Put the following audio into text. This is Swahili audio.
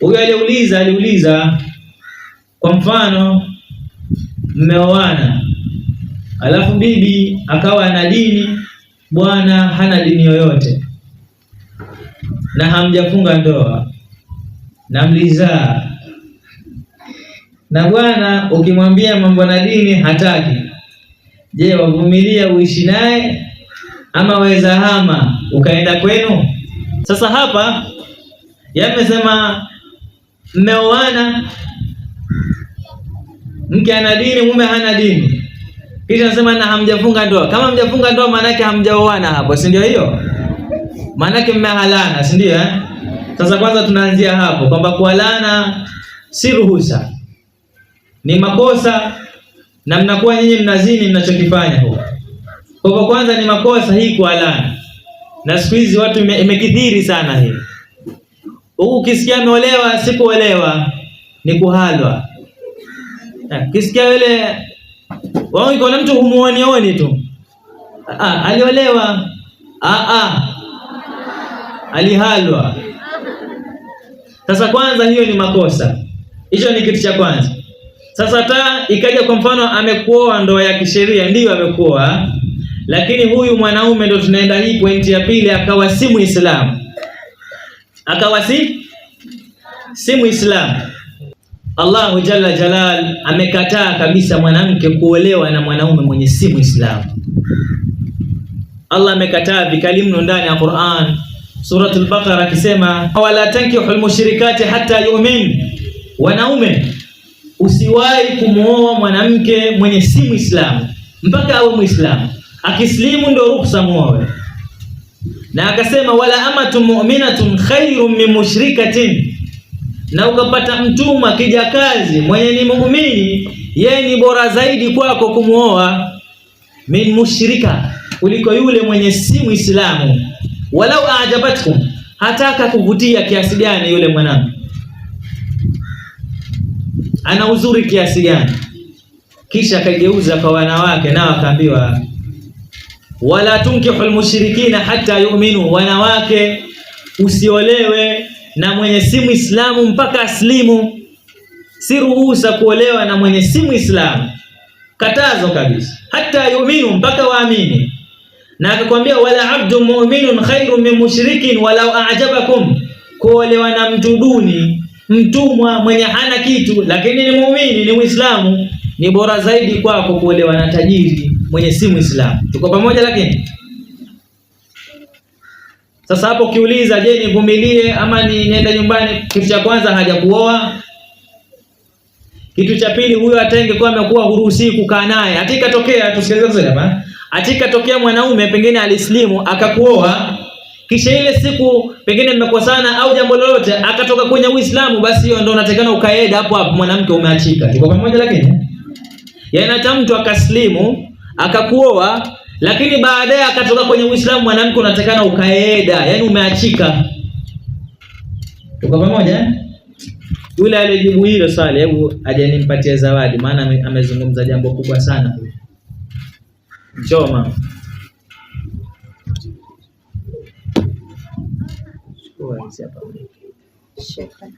Huyo aliyeuliza aliuliza kwa mfano, mmeoana alafu bibi akawa ana dini, bwana hana dini yoyote, na hamjafunga ndoa na mlizaa, na bwana ukimwambia mambo na dini hataki. Je, wavumilia uishi naye ama waweza hama ukaenda kwenu? Sasa hapa yamesema mmeoana, mke ana dini, mume hana dini, kisha nasema na hamjafunga ndoa. Kama hamjafunga ndoa, maana yake hamjaoana hapo, si ndio? Hiyo maana yake mmehalana, si ndio? Eh, sasa kwanza tunaanzia hapo kwamba kualana si ruhusa, ni makosa, na mnakuwa nyinyi mnazini mnachokifanya huko. Kwa kwanza ni makosa hii kualana, na siku hizi watu imekithiri sana hii Huku ukisikia ameolewa sikuolewa ni kuhalwa. Eh, ukisikia yule wao iko na mtu humuoni oni tu. Ah, ah, aliolewa. Ah ah. Alihalwa. Sasa kwanza hiyo ni makosa. Hicho ni kitu cha kwanza. Sasa ta ikaja kwa mfano amekuoa ndoa ya kisheria ndiyo amekuoa, lakini huyu mwanaume ndo tunaenda hii pointi ya pili, akawa si Muislamu akawa si si Muislamu. Allahu jalla jalal amekataa kabisa mwanamke kuolewa na mwanaume mwenye si Muislamu. Allah amekataa vikali mno ndani ya Qur'an, Suratul Baqara akisema, wala tankihu mushrikati hatta yu'min, wanaume usiwahi kumwoa mwanamke mwenye si Muislamu mpaka awe Muislamu. Akislimu ndio ruhusa muoe na akasema wala amatu mu'minatun khairun min mushrikatin, na ukapata mtumwa kijakazi mwenye ni muumini, yeye ni bora zaidi kwako kumwoa min mushrika, kuliko yule mwenye si Muislamu. Walau ajabatkum, hataka kuvutia kiasi gani yule mwanamke, ana uzuri kiasi gani. Kisha akageuza kwa wanawake, nao akaambiwa wala tunkihu lmushrikina hatta yu'minu, wanawake usiolewe na mwenye si Muislamu mpaka aslimu. Si ruhusa kuolewa na mwenye si Muislamu, katazo kabisa. Hatta yu'minu, mpaka waamini. Na akakwambia wala abdu mu'minun khairun min mushrikin walau a'jabakum, kuolewa na mtu duni, mtumwa mwenye hana kitu, lakini ni muumini, ni Muislamu, ni bora zaidi kwako kuolewa na tajiri mwenye si Muislamu. Tuko pamoja lakini sasa hapo ukiuliza, je, nivumilie ama ni niende nyumbani? Kitu cha kwanza hajakuoa. Kitu cha pili, huyo atenge kwa amekuwa huruhusi kukaa naye, Atika tokea tusikilize vizuri hapa, eh. Atika tokea mwanaume pengine alislimu akakuoa, kisha ile siku pengine mmekosana au jambo lolote, akatoka kwenye Uislamu, basi hiyo ndio unatakana ukaeda hapo hapo, mwanamke umeachika. Tuko pamoja lakini, yaani hata mtu akaslimu akakuoa, lakini baadaye akatoka kwenye Uislamu, mwanamke unatakana ukaeda, yani umeachika. Tuko pamoja? Eh? Yule alijibu hilo swali, hebu ajanimpatie zawadi, maana amezungumza jambo kubwa sana. huyo. Njoma Shukrani.